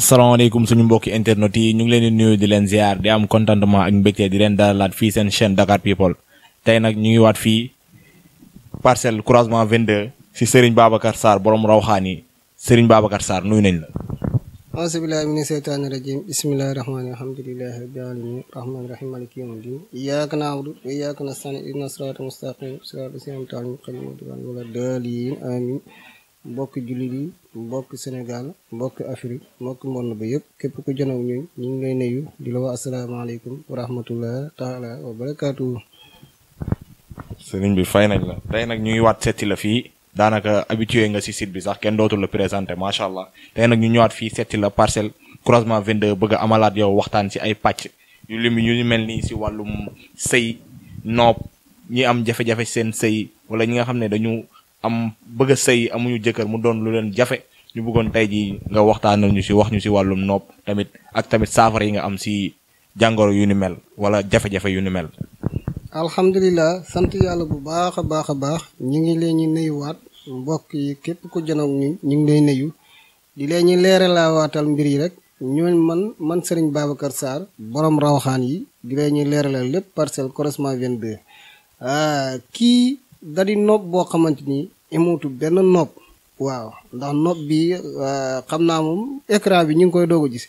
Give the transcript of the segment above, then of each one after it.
asalaamaaleykum suñu mbokki internet yi ñu ngi leen di nuyu di leen ziar di am contentement ak mbégte di leen dalalaat fii seen chaîne Dakar People tey nag ñu ngi waat fii parcelle croisement 22 si Serigne Babacar Sarr borom rawxaani Serigne Babacar Sarr nuyu nañ la. auzu billaahi mina sheytaani rajiim bismillaahi rahmaani alhamdulillaahi rabbil aalamiin rahmaani rahiim maaliki yawmi diin iyyaaka na'budu wa iyyaaka nasta'iin ihdinas siraatal mustaqiim siraatal laziina mbokk jullit yi mbokk Sénégal mbokk Afrique mbokk monde ba yëpp képp ku jonow ñu ñu ngi lay di la wax asalaamaaleykum wa rahmatullah taala wa barakaatu. sëriñ bi fay nañ la tey nag ñu ngi waat seeti la fii daanaka habitué nga si site sax kenn dootul la présenté macha allah tey nag ñu ñëwaat fii seeti la parcelle croisement 22 bëgg amalaat yow waxtaan si ay pàcc yu lim yu ñu mel nii si wàllum sëy noob ñi am jafe-jafe seen sëy wala ñi nga xam ne dañu. am bëgg a sëy amuñu jëkkër mu doon lu leen jafe ñu bëggoon tey ji nga waxtaanal ñu si wax ñu si wàllum nopp tamit ak tamit saafara yi nga am si jàngoro yu ni mel wala jafe-jafe yu ni mel. alhamdulilah sant yàlla bu baax a baax a baax ñu ngi leen ñu nuyuwaat mbokk yi képp ku janoog ñu ñu ngi lay nuyu di leen ñu leeralawaatal mbir yi rek ñooñ man man Serigne Babacar Sarr borom rawxaan yi di leen ñu leeralal lépp parcelle correspondant 22 ah, kii dadi di boo xamante ni imuutu benn nopp waaw ndax nopp bi euh, xam naa moom écran bi ñu ngi koy doog gis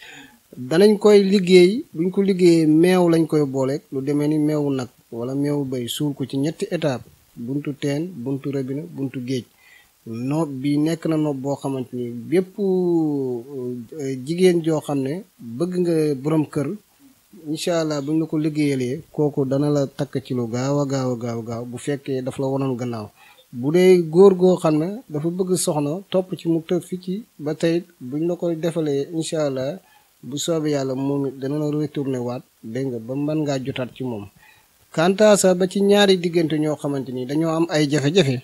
danañ koy liggéey buñ ko liggéeyee meew lañ koy booleeg lu demee ni meewu nag wala meewu bay suul ko ci ñetti étape buntu teen buntu robinet buntu géej nopp bi nekk na nopp boo xamante ni bépp euh, jigéen joo xam ne bëgg nga borom kër incha allah buñ la ko liggéeyalee kooku dana la takk ci lu gaaw a gaaw a gaaw bu fekkee daf la wonoon gannaaw bu dee góor goo xam ne dafa bëgg soxna topp ci mu tëb fii ci ba tey buñ la koy defalee incha allah bu soobee yàlla moom it dana la retourné waat dégg nga ba mën ngaa jotaat ci moom. quant ba ci ñaari diggante ñoo xamante ni dañoo am ay jafe-jafe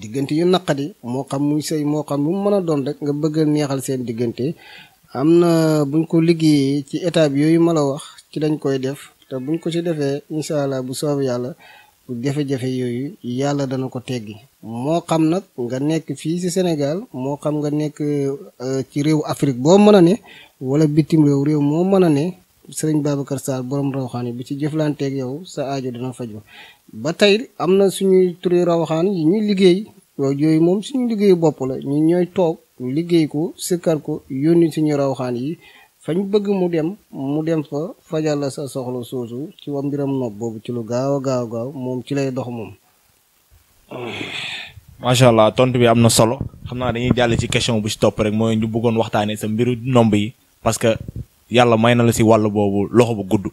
diggante yu naqadi moo xam muy sëy moo xam lu mu mën a doon rek nga bëgg neexal seen diggante am na buñ ko liggéeyee ci étape yooyu ma la wax ci dañ koy def te buñ ko ci defee incha allah bu soobee yàlla. jafe-jafe yooyu yàlla dana ko teggi moo xam nag nga nekk fii si Sénégal moo xam nga nekk euh, ci réew Afrique boo mën a ne wala bitim réew réew moo mën a ne sëriñ Babacar Sarr borom rawaxaan bi ci jëflanteeg yow sa aajo dana faj ba tey am na suñuy turi rawaxaan yi ñuy liggéey yooyu moom suñu liggéeyu bopp la ñu ñooy toog liggéey ko sikkar ko yónni suñu rawaxaan yi fañ bëgg mu dem mu dem fa fajal la sa soxla soosu ci wa mbiram nopp boobu ci lu gaaw a gaaw gaaw moom ci lay dox moom. macha allah tontu bi am na solo xam naa dañuy jàll ci question bu ci topp rek mooy ñu bëggoon waxtaanee sa mbiru ndomb yi parce que yàlla may na la si wàll boobu loxo bu gudd.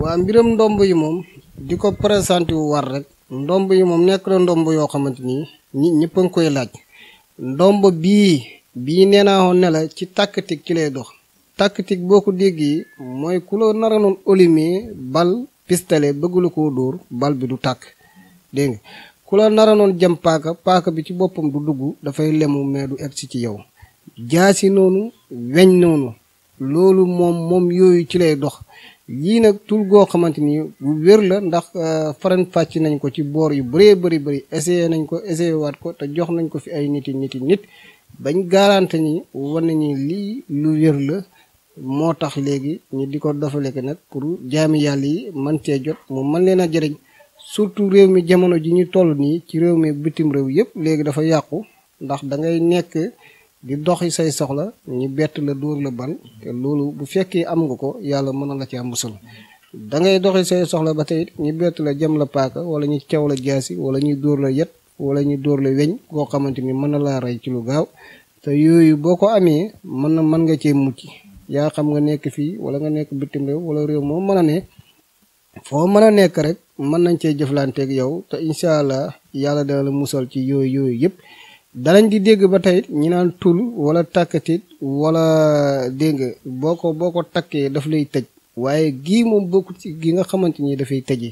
waa mbiram ndomb yi moom di ko présenté wu war rek. ndomb yi moom nekk na ndomb yoo xamante ni ñi ñëpp a ngi koy laaj ndomb bii bii nee naa woon ne ci tàkkatik ci lay dox tactique boo ko déggee mooy ku la naranoon olimee bal pistolet bëggula koo dóor bal bi du tàkk dégg nga ku la naranoon jëm paaka paaka bi ci boppam du dugg dafay lemu mais du egsi ci yow jaasi noonu weñ noonu loolu moom moom yooyu ci lay dox yii nag tul goo xamante ni bu wér la ndax euh, faran fàcc nañ ko ci boor yu bëree bëri bëri essayé nañ ko essayé waat ko te jox nañ ko fi ay nit niti nit bañ garante ni wan nañu lii lu wér la moo tax léegi ñu di ko dofaleke nag pour jaami yàlla yi man cee jot mu mën leen a jëriñ surtout réew mi jamono ji ñu toll nii ci réew mi bitim réew yëpp léegi dafa yàqu ndax da ngay nekk di doxi say soxla ñu bett la dóor la ban bu fekkee am ko yàlla mën na ci am musal da ngay doxi say soxla ba tey ñu bett la jam la wala ñu caw la jaasi wala ñu dóor la yet wala ñu dóor la weñ koo xamante ni mën na laa rey ci lu gaaw te yooyu boo ko amee mën na mën nga cee mucc yaa xam nga nekk fii wala nga nekk bitim réew wala réew moo mën a ne foo mën a nekk rek mën nañ cee jëflanteeg yow te incha allah yàlla dana la musal ci yooyu yooyu yëpp danañ di dégg ba tey ñi naan tul wala tàkkatit wala dégg nga boo ko boo ko takkee daf lay tëj waaye gii moom bokkul ci gi nga xamante ni dafay tëji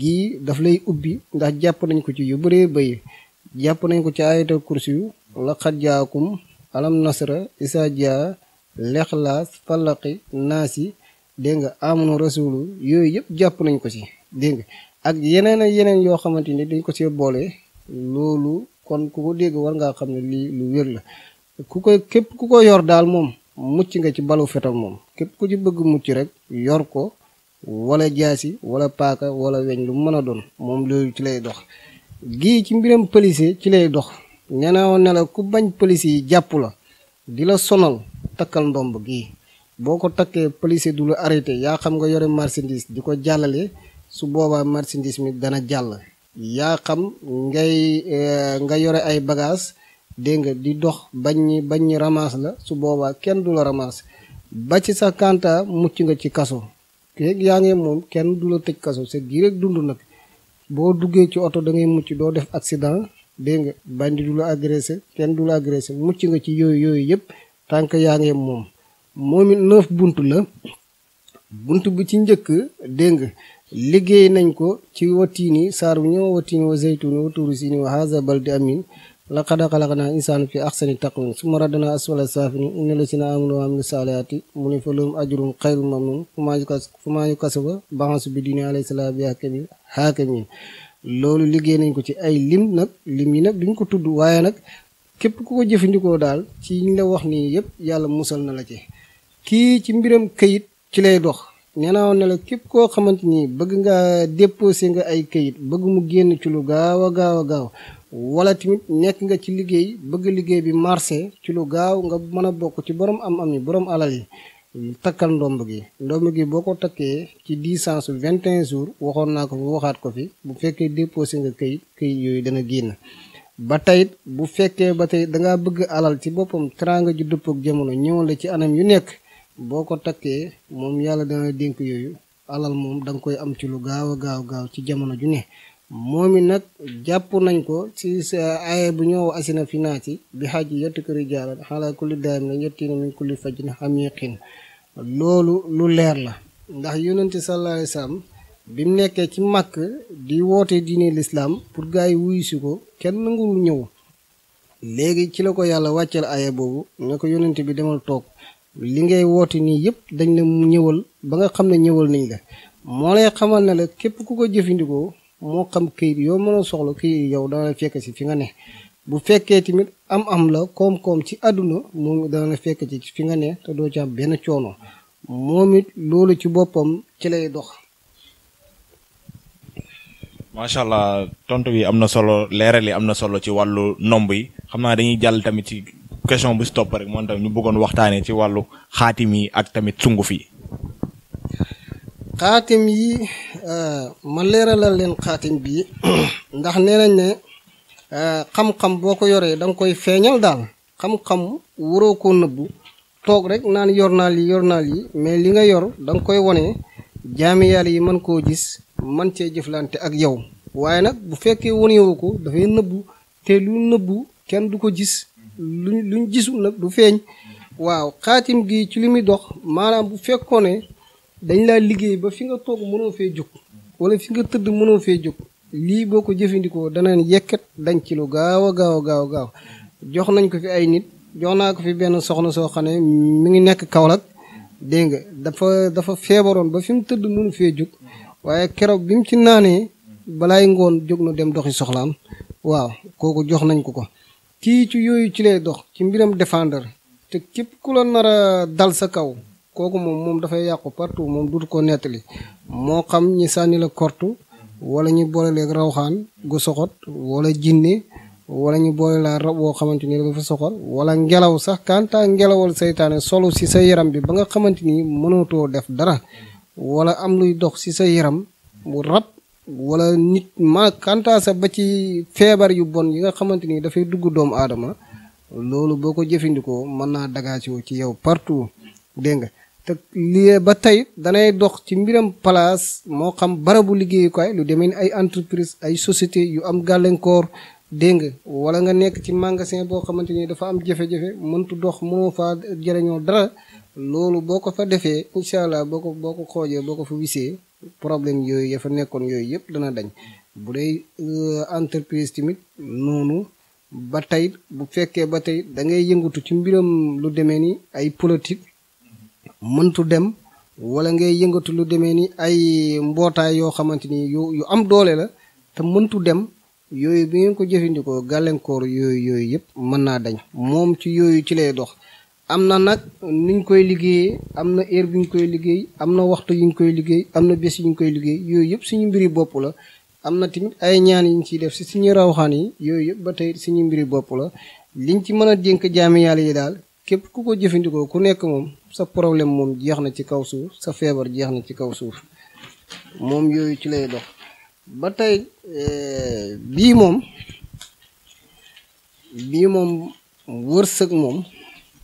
gii daf lay ubbi ndax jàpp nañ ko ci yu bëree bay jàpp nañ ko ci ayatal kursi yu laqad jaakum alam nasra isa lexlaas falaqi naasi dégg nga amunu rasulu yooyu yëpp jàpp nañ ko ci dégg nga ak yeneen ak yeneen yoo xamante ni dañ ko see boole loolu kon ku ko dégg war ngaa xam ne lii lu wér la ku ko képp ku ko yor daal moom mucc nga ci balu fetal moom képp ku ci bëgg mucc rek yor ko wala jaasi wala paaka wala weñ lu mën a doon moom loolu ci lay dox gi ci mbiram pëlise ci lay dox ñeneen woon ne ku bañ pëlise yi jàpp la di la sonal takkal ndomb gi boo ko takkee policier du la arrêté yaa xam nga yore marchandise di ko jàllale su boobaa marchandise mi dana jàll yaa xam ngay eh, nga yore ay bagage dégg nga di dox bañ ñi bañ ñi ramasse la su boobaa kenn du la ramasse ba ci sa kanta mucc nga ci kaso kéeg yaa ngi moom kenn du la tëj kaso c'est direct dund nag boo duggee ci oto da ngay mucc doo def accident dégg bañ bandi du la agressé kenn du la agressé mucc nga ci yooyu yooyu yëpp tànk yaa ngi moom moom it neuf bunt la bunt bi ci njëkk dégg nga liggéey nañ ko ci wattiini saar bu ñëw wattiini wa zeytuuni wa tuuri siini wa haza baldi amin laqad xalaqnaa insaana fi axsani taqwiim summa radadnaa asfala saafiliin inna llaziina aamanuu wa amilu saalihaati mu ne fa lahum ajrun xayru mamnuun fu maa yukazzibu ba'su bi diini alaysa llaahu bi haakimiin loolu liggéey nañ ko ci ay lim nag lim yi nag duñ ko tudd waaye nag képp ku ko jëfandikoo daal ci ñu la wax nii yëpp yàlla musal na la ci kii ci mbiram këyit ci lay dox nee naa ne la képp koo xamante ni bëgg nga déposé nga ay kayit bëgg mu génn ci lu gaaw a gaaw a gaaw wala tamit nekk nga ci liggéey bëgg liggéey bi marché ci lu gaaw nga mën a bokk ci borom am-am yi borom alal yi. takkal ndomb gi ndomb gi boo ko takkee ci distance vingt et un jours waxoon naa ko fi waxaat ko fi bu fekkee déposé nga kayit k yooyu dana génn ba tey bu fekkee ba tey dangaa bëgg alal ci boppam teraanga ju dëppook jamono ñëwal la ci anam yu nekk boo ko takkee moom yàlla dana dénk yooyu alal moom da nga koy am ci lu gaaw a gaaw gaaw ci jamono ju ne moom i nag jàpp nañ ko ci sa aaye bu ñëw asina finaati bi xaaj yi yetti këri jaalan xalaa kulli daayam ne yetti na min kulli fajin xamiqin loolu lu leer la ndax yonente sallallahu alayhi wasallam bi mu nekkee ci màkk di woote diine lislaam pour gars yi wuyu si ko kenn nanguwul ñëw léegi ci la ko yàlla wàcceel aaya boobu ne ko yonent bi demal toog li ngay woote nii yëpp dañ la mu ñëwal ba nga xam ne ñëwal nañ la moo lay xamal ne la képp ku ko jëfandikoo moo xam këyit yoo mën a soxla këyit yow dana la fekk si fi nga ne bu fekkee tamit am am la koom-koom ci àdduna moom dana fekk ci fi nga ne te doo ci am benn coono moom it loolu ci boppam ci lay dox macha allah tontu bi am na solo leeral yi am na solo ci wàllu nomb yi xam naa dañuy jàll tamit ci question bu si topp rek moom tamit ñu bëggoon waxtaanee ci wàllu xaatim yi ak tamit sunguf yi. xaatim yi euh, ma leeralal leen xaatim bi ndax nee nañ ne euh, xam-xam boo ko yoree da nga koy feeñal daal xam-xam waroo ko nëbbu toog rek naan yor naa lii yor naa lii mais li nga yor da nga koy wone jaami yàlla yi mën koo gis. man cee jëflante ak yow waaye nag bu fekkee won wonewu ko dafay nëbbu te lu nëbbu kenn du ko gis luñ luñ gisul nag du feeñ waaw xaatim gi ci li muy dox maanaam bu fekkoon ne dañ laa liggéey ba fi nga toog mënoo fee jóg wala fi nga tëdd mënoo fee jóg lii boo ko jëfandikoo danañ yekkat dañ ci lu gaaw a gaaw a gaaw gaaw jox nañ ko fi ay nit jox naa ko fi benn soxna soo xam ne mu ngi nekk Kaolack dégg nga dafa dafa feebaroon ba fi mu tëdd mënu fee jóg waaye keroog bi mu ci naanee balaay ngoon jóg na dem doxi soxlaan waaw kooku jox nañ ko ko kii ci yooyu ci lay dox ci mbiram defander te képp ku la nara dal sa kaw kooku moom moom dafay yàqu partout moom dutu ko nettali moo xam ñi sànni la kortu wala ñu boole leeg rawxaan gu soxot wala jinne wala ñu boole laa rab woo xamante ni dafa wala ngelaw sax kanta ngelawal seytaane solu si sa yaram bi ba nga xamante ni mënootoo def dara wala am luy dox ci sa yaram mu rab wala nit ma kantaasa ba ci feebar yu bon yi nga xamante ni dafay dugg doomu aadama loolu boo ko jëfandikoo mën naa dagaasiwo ci yow partout dégg nga te lii ba tey danay dox ci mbiram place moo xam barabu liggéeyukaay lu demee ni ay entreprise ay société yu am gàllankoor dégg nga wala nga nekk ci magasin boo xamante ni dafa am jafe-jafe mëntu dox mënoo faa jëriñoo dara loolu boo ko fa defee incha allah boo ko boo ko xoojee boo ko fa wisee problème yooyu ya fa nekkoon yooyu yëpp dana dañ bu dee euh, entreprise tamit noonu ba tey bu fekkee ba tey da ngay yëngatu ci mbiram lu demee ni ay politique mëntu dem wala ngay yëngatu lu demee ni ay mbootaay yoo xamante ni yu yu am doole la te mëntu dem yooyu bi ngeen ko jëfandikoo gàllankoor yooyu yooyu yëpp mën naa dañ moom ci yooyu ci lay dox am na nag nuñ koy liggéeyee am na heure bu ñu koy liggéey am na waxtu yu ñu koy liggéey am na bés yu ñu koy liggéey yooyu yëpp suñu mbiri bopp la am na tamit ay ñaan yi ñu ciy def si suñu rawxaan yi yooyu yëpp ba tey suñu mbiri bopp la liñ ci mën a dénk jaami yàlla yi daal képp ku ko jëfandikoo ku nekk moom sa problème moom jeex na ci kaw suuf sa feebar jeex na ci kaw suuf moom yooyu ci lay dox ba tey eh, bii moom bii moom wërsëg moom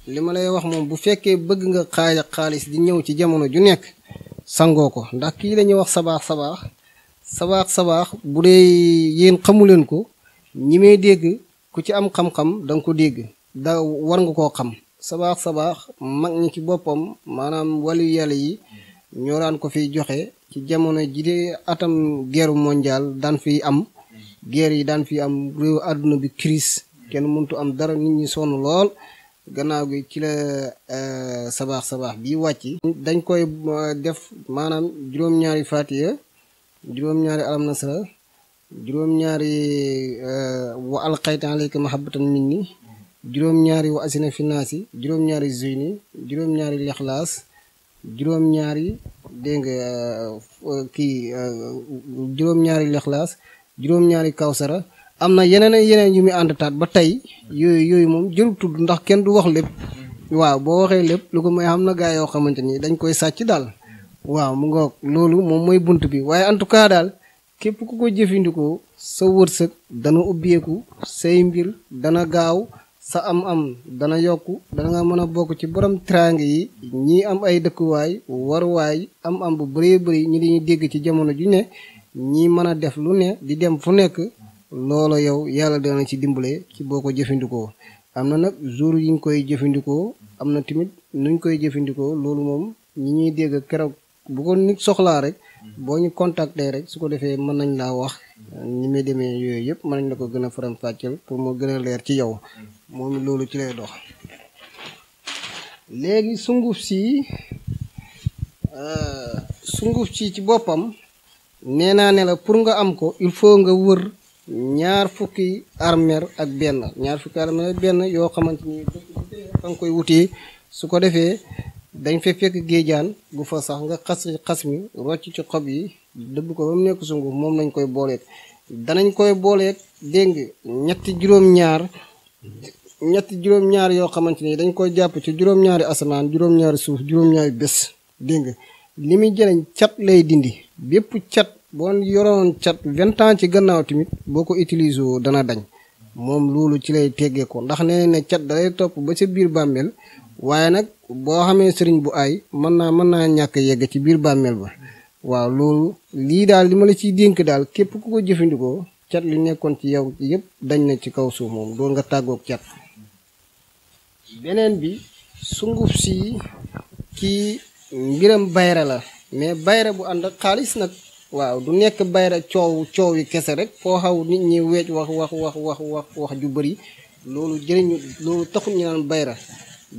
li ma lay wax moom bu fekkee bëgg nga xaaja xaalis di ñëw ci jamono ju nekk sangoo ko ndax kii la wax sabaax sabaax sabaax sabaax bu dee yéen xamuleen ko ñi may dégg ku ci am xam-xam da ko dégg da war nga koo xam sabaax sabaax mag ñi ci boppam maanaam wàllu yàlla yi ñoo daan ko fiy joxe ci jamono ji de atam guerre mondiale daan fiy am guerre yi daan fiy am réew àdduna bi crise kenn mëntu am dara nit ñi sonn lool gannaaw gi ci euh, sabaax sabaax bi wàcc dañ koy euh, def maanaam juróom-ñaari fatiya juróom-ñaari alam nasra juróom-ñaari euh, wa alqayta alayka mahabbatan minni juróom-ñaari wa asina finaasi juróom-ñaari zuyni juróom-ñaari lixlaas juróom-ñaari dégg kii juróom-ñaari lixlaas juróom-ñaari kawsara am na yeneen ak yeneen yu muy ba tey yooyu yooyu moom jërul tudd ndax kenn du wax lépp waaw boo waxee lépp lu ko may xam na gaa yoo xamante ni dañ koy sàcc daal waaw mu ngoog loolu moom mooy bunt bi waaye en tout cas daal képp ku ko jëfandikoo sa wërsëg dana ubbeeku say mbir dana gaaw sa am-am dana yokku dana nga mën a bokk ci borom trang yi ñii am ay dëkkuwaay waruwaay am-am bu bëree bëri ñi dañuy dégg ci jamono ju ne ñii mën a def lu ne di dem fu nekk loola yow yàlla dana ci dimbale ci boo ko jëfandikoo am na nag jour yi koy jëfandikoo am na tamit nuñ koy jëfandikoo loolu moom ñi ñuy dégg keroog bu ko nit soxlaa rek boo ñu contacter rek su ko defee mën nañ laa wax ni muy demee yooyu yëpp mën nañ la ko gën a faram fàcceel pour moo gën a leer ci yow moom loolu ci lay dox léegi sunguf si euh, sunguf si ci boppam nee naa ne pour nga am ko il faut nga wër ñaar fukki armeel ak benn ñaar fukki armeel ak benn yoo xamante ni koy wutee su ko defee dañ fa fekk géejaan gu fa sax nga xas xas mi rocc ci xob yi dëbb ko ba mu nekk sunguf moom lañ koy booleet danañ koy booleek dégg ñetti juróom-ñaar ñetti juróom-ñaar yoo xamante ni dañ koy jàpp ci juróom-ñaari asamaan juróom-ñaari suuf juróom-ñaari bés dégg nga li muy jëriñ cat lay dindi bépp cat boo yoroon cat vingt ans ci gannaaw tamit boo ko utiliser woo dana dañ moom loolu ci lay teggee ko ndax nee ne cat dalay topp ba sa biir bàmmeel waaye nag boo xamee sëriñ bu ay mën naa mën naa ñàkk yegg ci biir bàmmeel ba waaw loolu lii daal li ma la ciy dénk daal képp ku ko jëfandikoo cat li nekkoon ci yow yëpp dañ na ci kaw suuf moom doo nga tàggoog cat beneen bi sunguf si ci mbiram bayra la mais bayra bu ànd ak xaalis nag waaw du nekk bayra coow coow yi kese rek foo xaw nit ñi weej wax wax wax wax wax wax ju bëri loolu jëriñu loolu taxul ñu naan bayra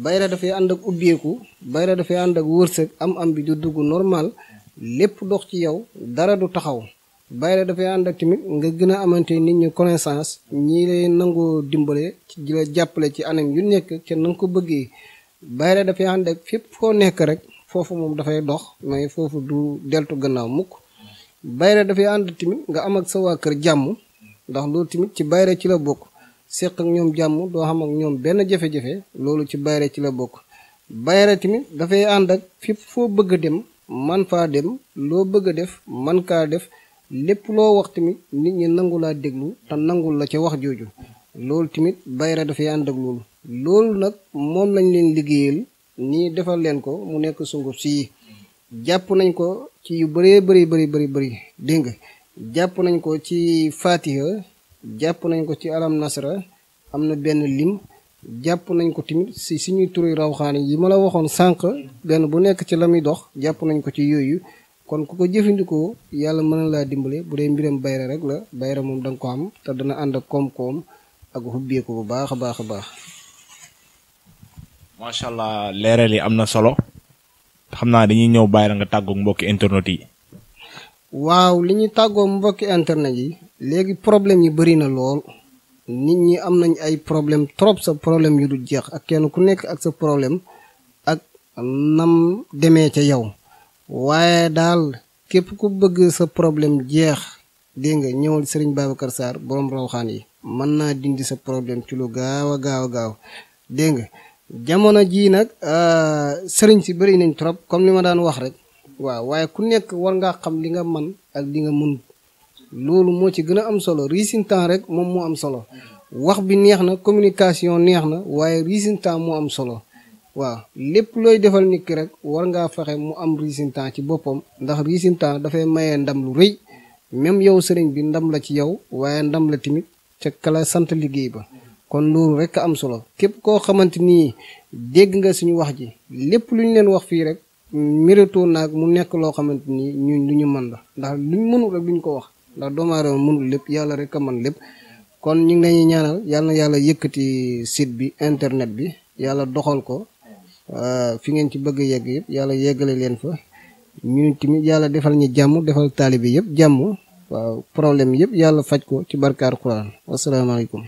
bayra dafay ànd ak ubbeeku bayra dafay ànd ak wërsëg am-am bi du dugg normal lépp dox ci yow dara du taxaw bayra dafay ànd ak tamit nga gën a amante nit ñi connaissance ñii lay nangoo dimbale ci la jàppale ci anam yu nekk ca na ko bëggee bayra dafay ànd ak fépp foo nekk rek foofu moom dafay dox mais foofu du deltu gannaaw mukk bayre dafay ànd tamit nga am ak sa waa kër jàmm ndax loolu tamit ci bayre ci la bokk seq ak ñoom jàmm doo xam ak ñoom benn jafe-jafe loolu ci bayre ci la bokk bayre tamit dafay ànd ak fépp foo bëgg a dem man faa dem loo bëgg a def man kaa def lépp loo wax tamit nit ñi nangu laa déglu te nangul la ca wax jooju loolu tamit bayra dafay ànd ak loolu loolu nag moom lañ leen liggéeyal nii defal leen ko mu nekk sunguf sii jàpp nañ ko ci yu bëree bëri bëri bëri bëri dégg nga jàpp nañ ko ci fatiha jàpp nañ ko ci alam nasara am na benn lim jàpp nañ ko tamit si suñuy turi rawxaani yi ma la waxoon sànq benn bu nekk ci la muy dox jàpp nañ ko ci yooyu kon ku ko jëfandikoo yàlla mën na laa dimbale bu dee mbiram bayra rek la bayra moom da nga ko am te dana ànd ak koom-koom ak xubbeeku bu baax a baax a baax macha allah leeral yi am na solo xam naa dañuy ñëw bàyyi la nga tàggoog mbokki internet yi. waaw li ñu tàggoo mbokki internet yi léegi problème yi bëri na lool nit ñi am nañ ay problème trop sa problème yu du jeex ak kenn ku nekk ak sa problème ak nam demee ca yow waaye daal képp ku bëgg sa problème jeex dégg nga ñëwal Serigne Babacar Sarr borom rawxaan yi mën naa dindi sa problème ci lu gaaw a gaaw a gaaw dégg nga jamono jii nag euh, sëriñ si bëri nañ trop comme li ma daan wax rek waaw waaye ku nekk war ngaa xam li nga man ak li nga mun loolu moo ci gën a am solo résultat rek moom moo am solo wax bi neex na communication neex na waaye résultat moo am solo waaw lépp looy defal nit ki rek war ngaa faxe mu am résultat ci boppam ndax résultat dafay maye ndam lu rëy même yow sëriñ bi ndam la ci yow waaye ndam la tamit ca kala sant liggéey ba kon loolu rek am solo képp koo xamante ni dégg nga suñu wax ji lépp lu ñu leen wax fii rek méritoo naag mu nekk loo xamante ni ñun lu ñu man la ndax luñ mënul rek duñ ko wax ndax doomu aadama mënul lépp yàlla rek a man lépp kon ñu ngi ñaanal yàlla na yàlla yëkkati site bi internet bi yàlla doxal ko euh, fi ngeen ci bëgg a yegg yëpp yàlla yeggale leen fa ñu tamit yàlla defal ñu jàmm defal taalibi yëpp jàmm waaw problème yëpp yàlla faj ko ci barkaar Quran wasalaamaaleykum